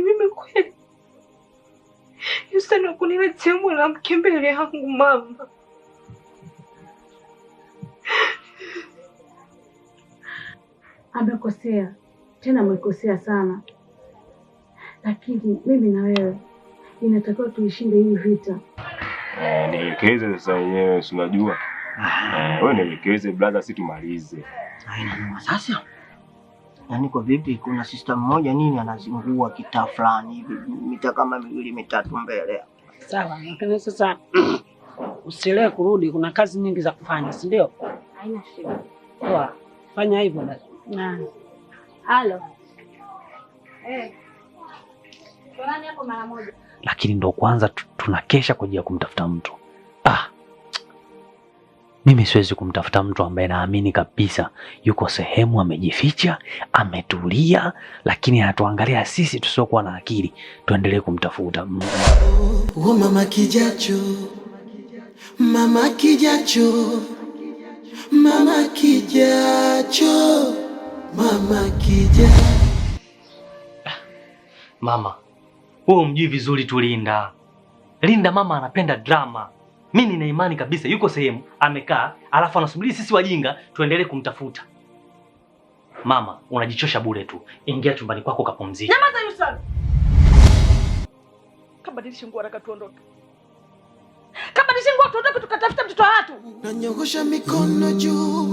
mimi kweli? Yustani kunila jembo la mke mbele yangu mama. Amekosea tena, amekosea sana, lakini mimi na wewe inatakiwa tuishinde hii vita. Eh, nielekeze sasa yenyewe, si unajua ah. eh, wewe, nielekeze brother, si tumalize sasa yani kwa vipi, kuna sister mmoja nini anazingua kitaa fulani hivi mita kama miwili mitatu mbele. Sawa, lakini sasa usielewe kurudi, kuna kazi nyingi za kufanya, si ndio? Haina shida. Poa, fanya hivyo basi. Na. Halo. Eh. Lakini ndo kwanza tunakesha kwa ajili ya kumtafuta mtu ah. Mimi siwezi kumtafuta mtu ambaye naamini kabisa yuko sehemu amejificha, ametulia, lakini anatuangalia sisi tusiokuwa na akili, tuendelee kumtafuta. Oh, mama kijacho, mama kijacho, mama kijacho, mama kijacho. Mama, wewe mjui vizuri tu Linda. Linda mama anapenda drama mimi nina imani kabisa yuko sehemu amekaa, alafu anasubiri sisi wajinga tuendelee kumtafuta. Mama, unajichosha bure tu, ingia chumbani kwako kapumzike. Nyamaza Yusuf, kabadilishe nguo haraka, tuondoke. Kabadilishe nguo tuondoke, tukatafuta mtoto wa watu. Nanyogosha mikono juu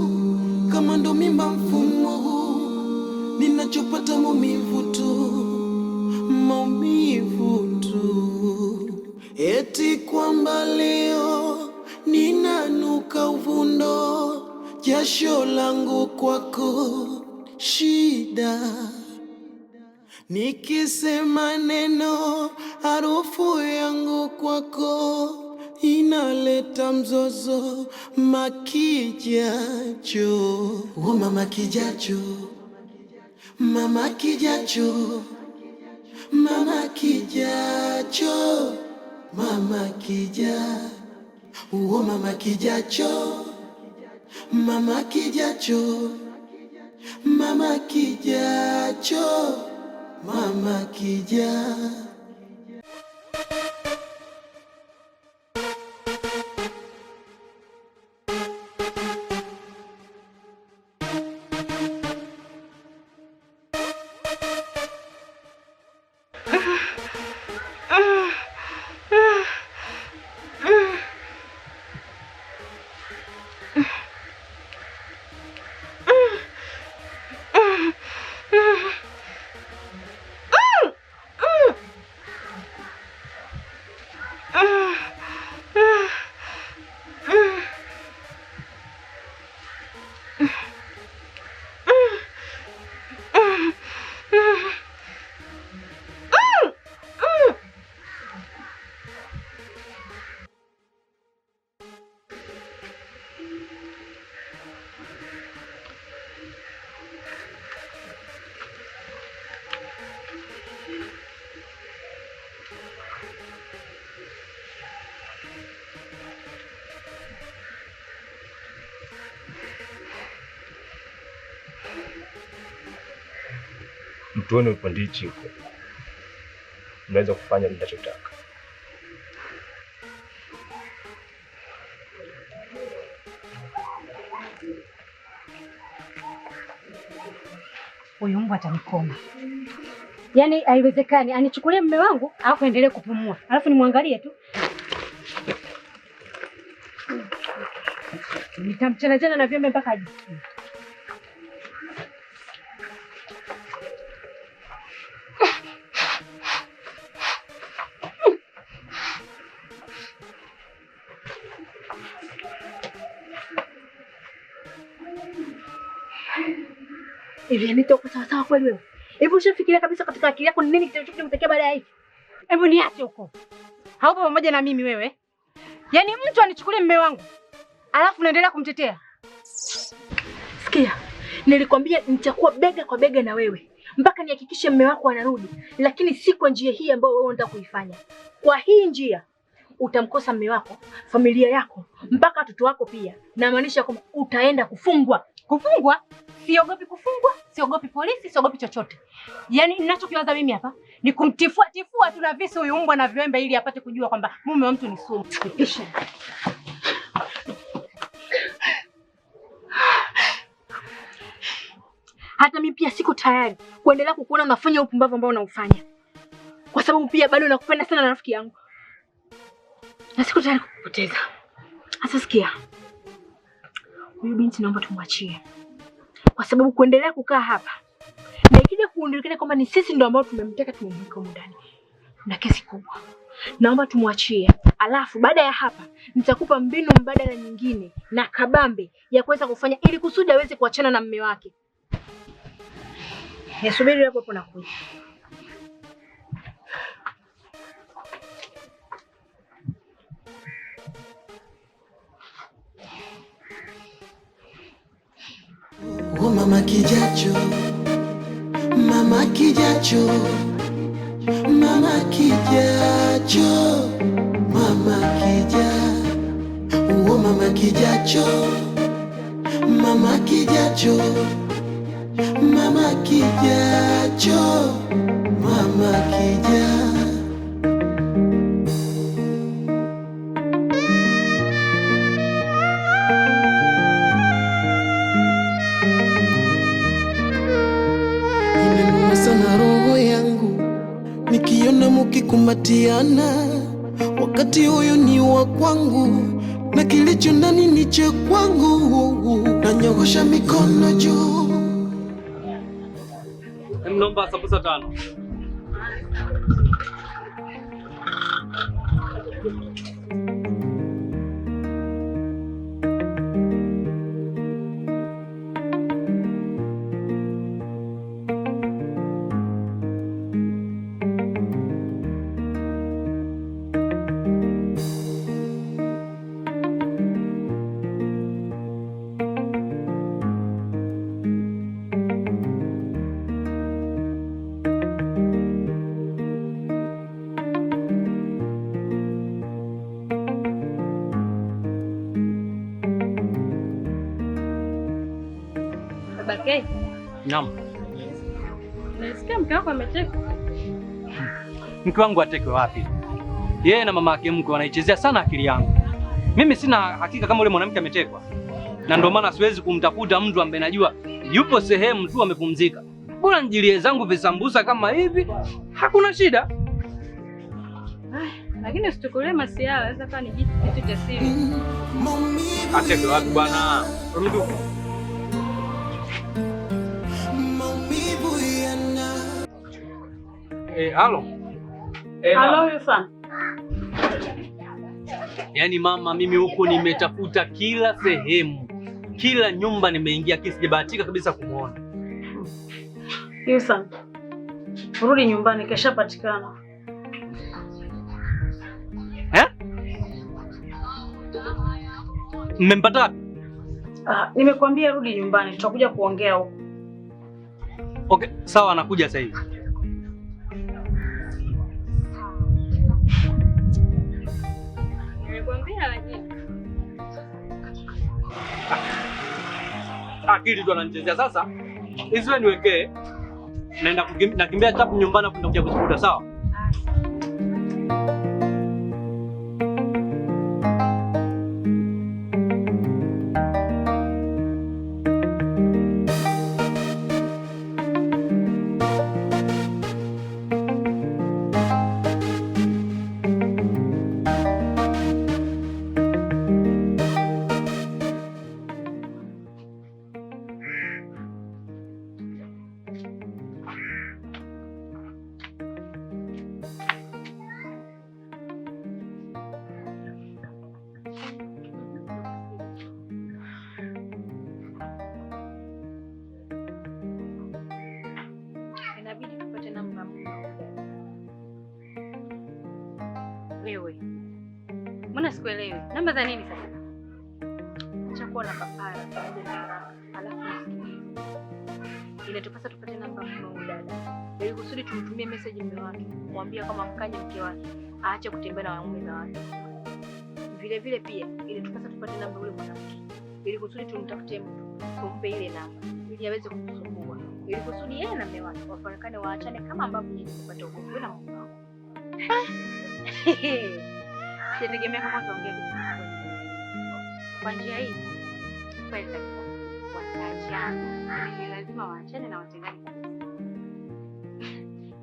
kama ndo mimba mfumo huu, ninachopata maumivu tu, maumivu tu eti kwamba leo ninanuka uvundo, jasho langu kwako shida, nikisema neno, harufu yangu kwako inaleta mzozo. Makijacho oh, mama kijacho, mama kijacho, mama kijacho Mama kija, uo mama kijacho, mama kijacho, mama kijacho, mama kija Ah. tuone upande hichi huko, unaweza kufanya ninachotaka. Huyu mbwa atanikoma. Yaani haiwezekani anichukulie mume wangu alafu endelee kupumua, alafu nimwangalie tu, nitamchanachana na vyombe mpaka ajisikie Anita, uko sawa sawa kweli wewe? Hebu ushafikiria kabisa katika akili yako ni nini kitakachokumetokea baada ya hiki? Hebu niache huko. Haupo pamoja na mimi wewe. Yaani mtu anichukulie mume wangu. Alafu unaendelea kumtetea. Sikia. Nilikwambia nitakuwa bega kwa bega na wewe mpaka nihakikishe mume wako anarudi, lakini si kwa njia hii ambayo wewe unataka kuifanya. Kwa hii njia utamkosa mume wako, familia yako, mpaka watoto wako pia. Namaanisha kwamba utaenda kufungwa. Kufungwa siogopi, kufungwa siogopi polisi, siogopi chochote. Yaani ninachokiwaza mimi hapa ni kumtifua tifua tu na visu huyu mbwa na viwembe, ili apate kujua kwamba mume wa mtu ni sumu. Hata mimi pia siko tayari kuendelea kukuona unafanya upumbavu ambao unaufanya, kwa sababu pia bado nakupenda sana na rafiki yangu, na siko tayari kukupoteza. Hasa sikia Huyu binti naomba tumwachie, kwa sababu kuendelea kukaa hapa na ikija kuundulikana kwamba ni sisi ndio ambao tumemteka tumemweka huko ndani na kesi kubwa, naomba tumwachie. Alafu baada ya hapa nitakupa mbinu mbadala nyingine na kabambe ya kuweza kufanya ili kusudi aweze kuachana na mme wake. Nisubiri hapo hapo, nakuja. mama kijacho, mama kijacho, mama kijacho, mama kija, uo oh, mama kijacho, mama kijacho, mama kijacho, mama kukukumbatiana, wakati huyu ni wa kwangu, na kilicho ndani ni cha kwangu, nanyogosha mikono juu. Mnomba sabusa tano. yake? Naam. Nasikia mke wako Mke wangu atekwe wapi? Yeye na mama yake mkwe wanaichezea sana akili yangu. Mimi sina hakika kama yule mwanamke ametekwa, na ndio maana siwezi kumtafuta mtu ambaye najua yupo sehemu tu amepumzika. Bora njilie zangu visambusa kama hivi, hakuna shida. Lakini usitukulie masiala, sasa ni kitu cha siri. Atekwe wapi bwana? eh, alo. Eh, alo Yusa. Yaani mama, mimi huku nimetafuta kila sehemu, kila nyumba nimeingia, kisi sijabahatika kabisa kumwona. Yusan, rudi nyumbani, keshapatikana. Eh? Mmempata Ah, nimekwambia rudi nyumbani, tutakuja kuongea huko. Okay, sawa, nakuja sasa hivi. Nimekuambia wajinga. Akili ah, tu ananichezea sasa. Hizi wewe niwekee. Naenda nakimbia tapu nyumbani kwenda kuja kukuta sawa? wewe? Mbona sikuelewi? Namba za nini sasa? Acha Nishakuwa na papara pamoja na baraka. Alafu inatupasa tupate namba kwa dada. Ili kusudi tumtumie message mume wake, kumwambia kama mkanye mke wake aache kutembea na wanaume na watu. Vile vile pia tupasa tupate namba yule mwanamke. Ili kusudi tumtafutie mtu, tumpe ile namba ili aweze kutusumbua. Ili kusudi yeye na mume wake wafarakane, waachane kama ambavyo yeye alipata ugomvi na mume wake. Sitegemea kama utaongea kwa njia hii. Kweli wataachana, ni lazima waachane na watengane.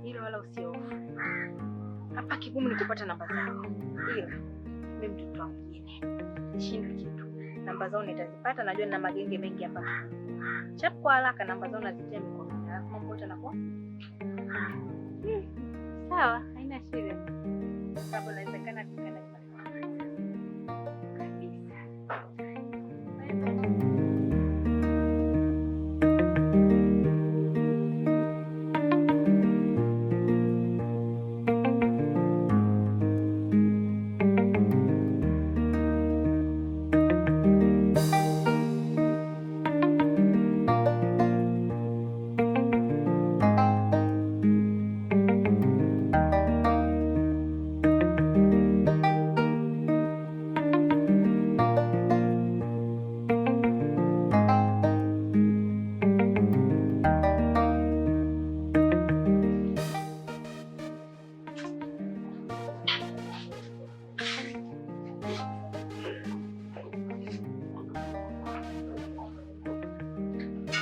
Hilo wala usiofu. Hapa kigumu ni kupata namba zao, ila mimi mtoto wa mjini shindi kitu. Namba zao nitazipata, najua nina magenge mengi hapa. Chapu kwa haraka, namba zao nazitia mikononi, alafu mambo yote yanakuwa hmm, sawa, haina shida. tak boleh tekan aku kan.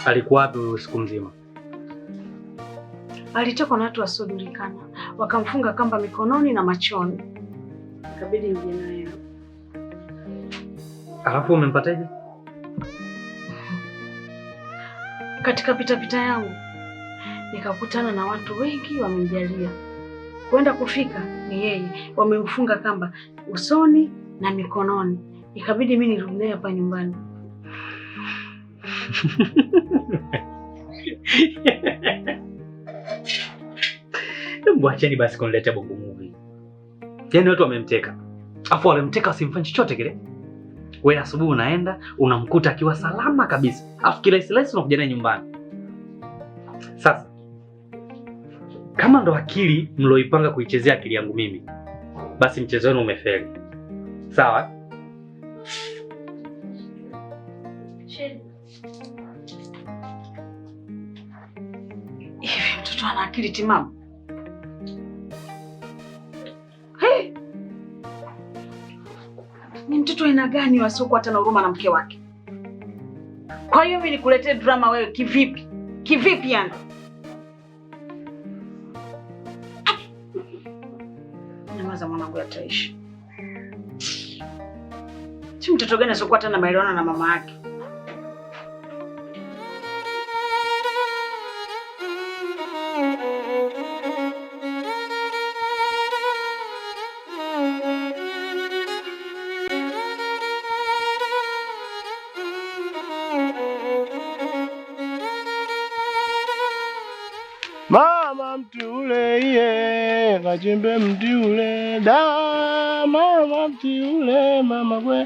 Alikuwa wapi usiku mzima? Alitoka na watu wasiojulikana, wakamfunga kamba mikononi na machoni, ikabidi nije naye. Alafu umempataje? Katika pitapita yangu nikakutana na watu wengi wamemjalia, kwenda kufika ni yeye, wamemfunga kamba usoni na mikononi, ikabidi mimi nirudi naye hapa nyumbani. Mwacheni basi kuniletea bongo movie. Yaani watu wamemteka, afu walimteka wasimfanyi chochote kile. Wewe asubuhi unaenda unamkuta akiwa salama kabisa, afu kirahisi rahisi unakuja naye nyumbani. Sasa kama ndo akili mloipanga kuichezea akili yangu mimi, basi mchezo wenu umefeli. Sawa? mtu ana akili timamu. Ni mtoto aina gani wasiokuwa hata na huruma na mke wake? Kwa hiyo mimi nikuletee drama wewe kivipi? Kivipi yani? Nawaza mwanangu yataishi. Si mtoto gani asiokuwa hata na maelewano na mama yake? jin bem da mara mam mama we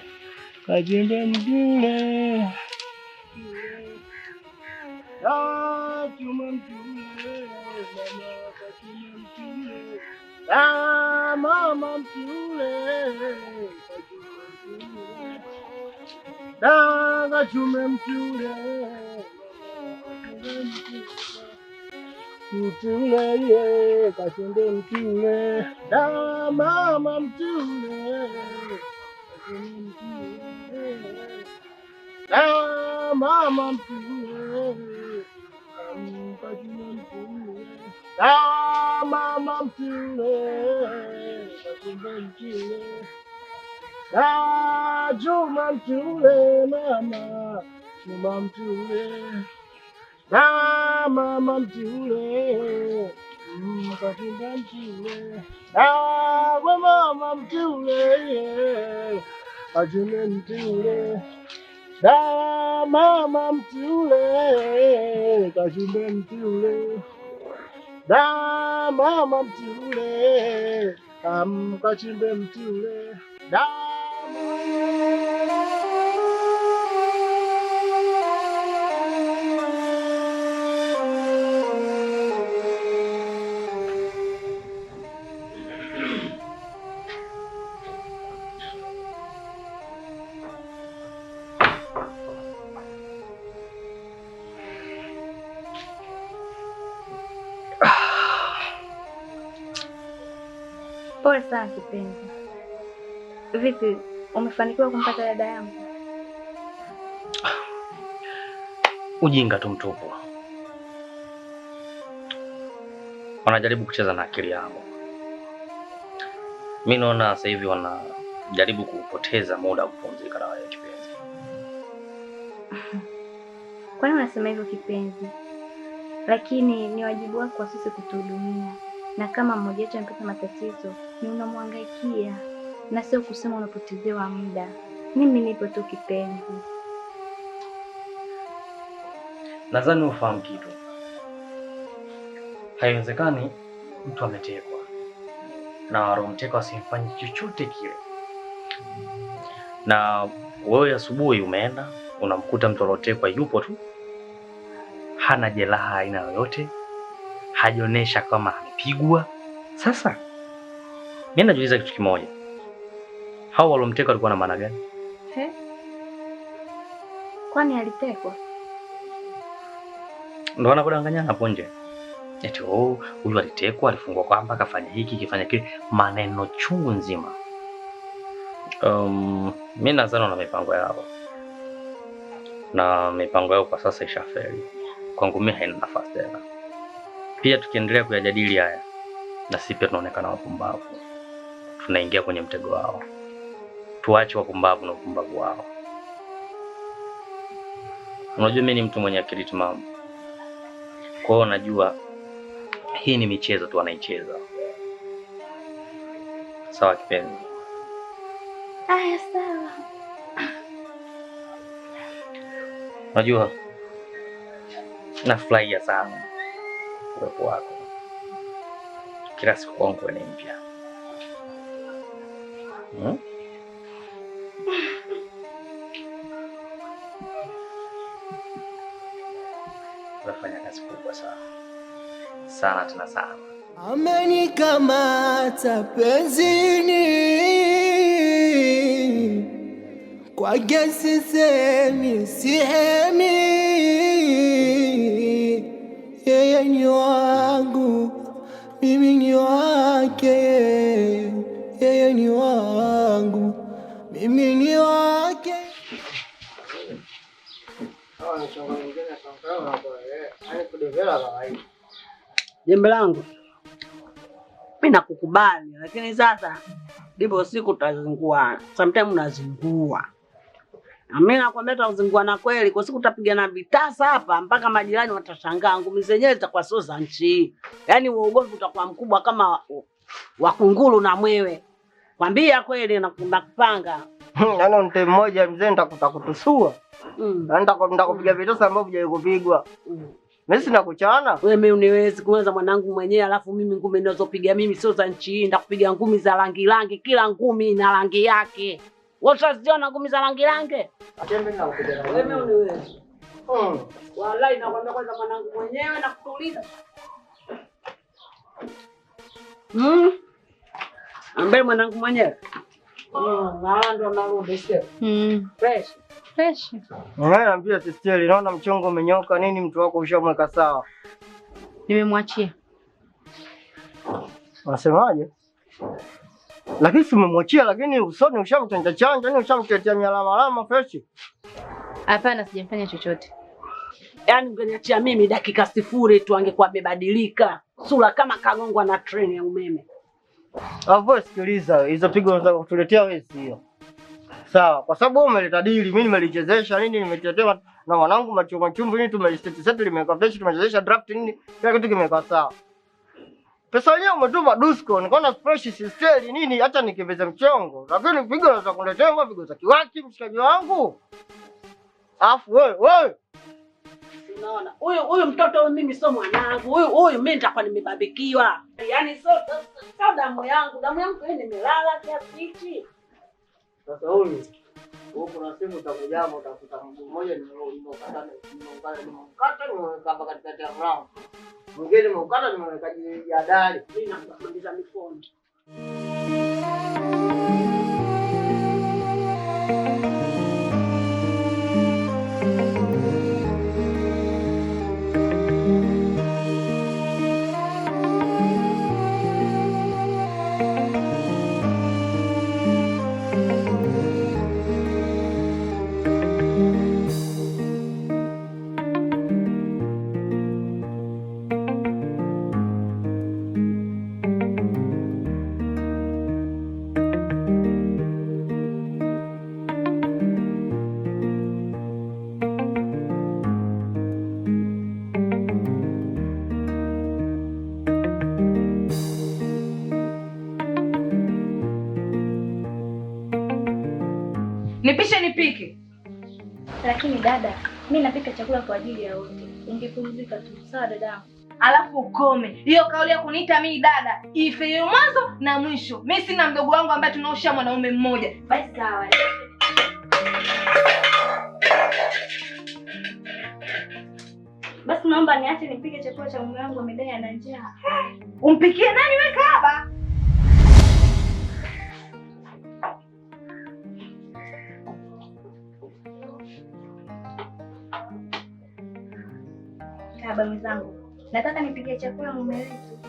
ka jin da jumam dule mama ka jin da mama mam dule da ga jumam dule Thank you mtune ye kasinde mtune na mama mtune na mama mtune kasinde mtune na mama mtune kasinde mtune na juma mtune mama juma mtune Da Namamamdule. Namamamdule. Namamamdule. Ajumendule. Namamamdule. Ajumendule. Namamamdule. Amkachimbe mtule. Namamamdule. Pole sana kipenzi. Vipi, umefanikiwa kumpata dada yangu? Ujinga tu mtupu, wanajaribu kucheza na akili yangu. Mi naona sasa hivi wanajaribu kupoteza muda wa kupumzika na wewe kipenzi. Kwani unasema hivyo kipenzi? Lakini ni wajibu wako sisi kutuhudumia, na kama mmoja wetu amepata matatizo ni unamwangaikia na sio kusema unapotezewa muda. Mimi nipo tu kipenzi. Nadhani ufahamu kitu, haiwezekani mtu ametekwa na romtekwa asimfanyi chochote kile. Na wewe asubuhi umeenda unamkuta mtu aliotekwa yupo tu, hana jeraha aina yoyote, hajaonesha kama amepigwa. Sasa mimi najiuliza kitu kimoja, hao walomteka walikuwa na maana gani? He? Kwani alitekwa ndo wanakudanganyana hapo nje eti oh, huyu alitekwa, alifungwa kwamba kafanya hiki kifanya kile, maneno chungu nzima. Um, mimi nadhani na mipango yao na mipango yao kwa sasa ishafeli kwangu, mimi haina nafasi tena. Pia tukiendelea kuyajadili haya, na sisi pia tunaonekana wapumbavu tunaingia kwenye mtego wao. Tuache wapumbavu na upumbavu wao. Unajua, mimi ni mtu mwenye akili timamu, kwa hiyo najua hii ni michezo tu wanaicheza. Sawa kipenzi? Aya, sawa. Unajua nafurahia sana uwepo wako, kila siku kwangu ni mpya. Eh? Unafanya kazi kubwa sana sana tena sana. Amenikamata penzini, kwake sisemi sihemi, yeye ni wangu mimi ni wake, yeye ni wangu mimi ni wake. Jembe langu mimi nakukubali, lakini sasa ndipo siku tutazingua, sometimes unazingua mimi nakwambia tutazingua na kweli, kwa siku tutapigana vitasa hapa mpaka majirani watashangaa, ngumi zenyewe zitakuwa sio za nchi. Yaani ugomvi utakuwa mkubwa kama wakunguru na mwewe. Kwambia kweli nakupanga. Yaani mte mmoja mzee nitakuta kutusua. Mm. Yaani nitakupiga mm. vitosa ambavyo kupigwa. Mm. Mimi sina kuchana. Wewe mimi uniwezi kuanza mwanangu mwenyewe alafu mimi ngumi ninazopiga mimi sio za nchi hii, ndakupiga ngumi za rangi rangi, kila ngumi ina rangi yake. Wewe usiziona ngumi za rangi rangi? Atembe na kupiga. Wewe mimi uniwezi. Mm. Wallahi nakwambia kwanza mwanangu mwenyewe na kutuliza. Mm ambaye mwanangu mwenyewe hmm. naambia Sisteli, naona mchongo umenyoka nini, mtu wako ushamweka sawa. Nimemwachia. Unasemaje? Lakini umemwachia, lakini usoni ushamchanja chanja, ni ushamtetea mialama freshi. Hapana, sijafanya chochote. Yaani ungeniachia mimi dakika sifuri tu angekuwa amebadilika sura kama kagongwa na treni ya umeme. Avoe, sikiliza, hizo pigo unaweza kutuletea wewe sio sawa, kwa sababu umeleta dili, mimi nimelichezesha nini, nimetetea na mwanangu machuma chumvi nini, tumeliseti setu limeka fresh, tumechezesha draft nini, kila kitu kimeka sawa. Pesa yenyewe umetuma dusko, nikaona fresh sisteli nini, hata nikiveza mchongo, lakini pigo unaweza kuniletea wewe, pigo za kiwaki, mshikaji wangu. Afu wewe wewe Unaona? Huyu huyu mtoto mimi sio mwanangu. Huyu huyu mimi nitakuwa nimebabikiwa. Yaani sio sio damu yangu. Damu yangu yeye nimelala kiasi hichi. Sasa huyu huko na simu utakujama utakuta mguu mmoja nimeukata nimeukata nimeukata nimeweka hapa katikati ya mlango. Mwingine nimeukata nimeweka jadali. Mimi nakuuliza mikono. nipike. Lakini dada, mimi napika chakula kwa ajili ya wote. Ungepumzika tu, sawa dada. Alafu ukome hiyo kauli ya kuniita mimi dada, ife mwanzo na mwisho. Mimi sina mdogo wangu ambaye tunaosha mwanaume mmoja. Basi sawa. Basi naomba niache nipike chakula cha mume wangu, amedai ana njaa. Umpikie nani wewe kahaba? baba mwenzangu, nataka nipikie chakula mume wetu.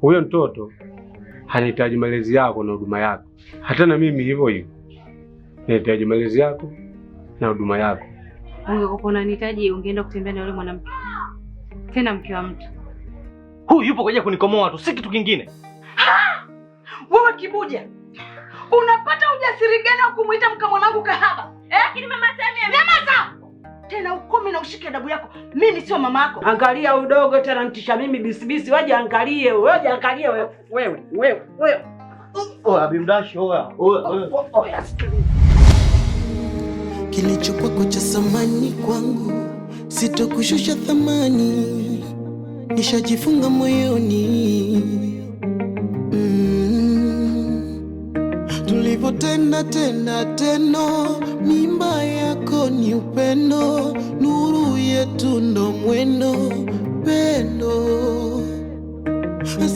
Huyo mtoto anahitaji malezi yako na huduma yako, hata na mimi hivyo hivyo nahitaji malezi yako na huduma yako. Ungekuwa unanihitaji ungeenda kutembea na yule mwanamke, tena mke wa mtu. Huyu yupo kwa kunikomoa tu, si kitu kingine. Wewe kibuja, unapata ujasiri gani wa kumwita mka mwanangu kahaba eh? Lakini mama Samia, nyamaza tena ukome na ushike adabu yako. Mimi sio mama yako. Angalia udogo tena mtisha mimi bisibisi, waje angalie wewe, waje angalie wewe wewe wewe wewe. Oya bimdashi, oya oya oya, oh, oh, kilichokuwa cha thamani kwangu sitokushusha thamani nishajifunga moyoni mm. tena tena teno, mimba yako ni upendo, nuru yetu ndo mwendo pendo.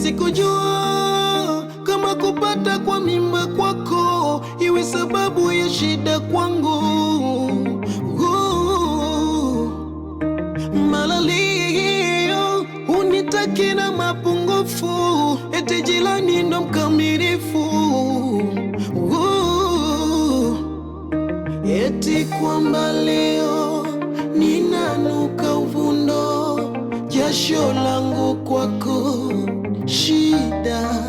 Sikujua kama kupata kwa mimba kwako iwe sababu ya shida kwangu. Malali haki na mapungufu, eti jilani ndo mkamilifu, eti kwamba leo ninanuka uvundo, jasho langu kwako shida,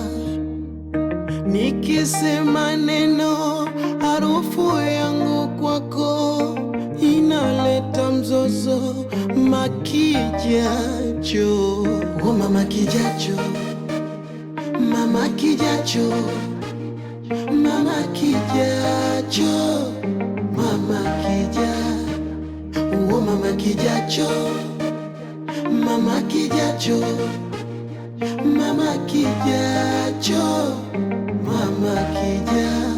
nikisema neno harufu yangu kwako inaleta mzozo makijacho Oh mama kijacho, mama kijacho, mama kijacho, mama kijacho, Oh mama kijacho, mama kijacho, mama kijacho, mama kijacho.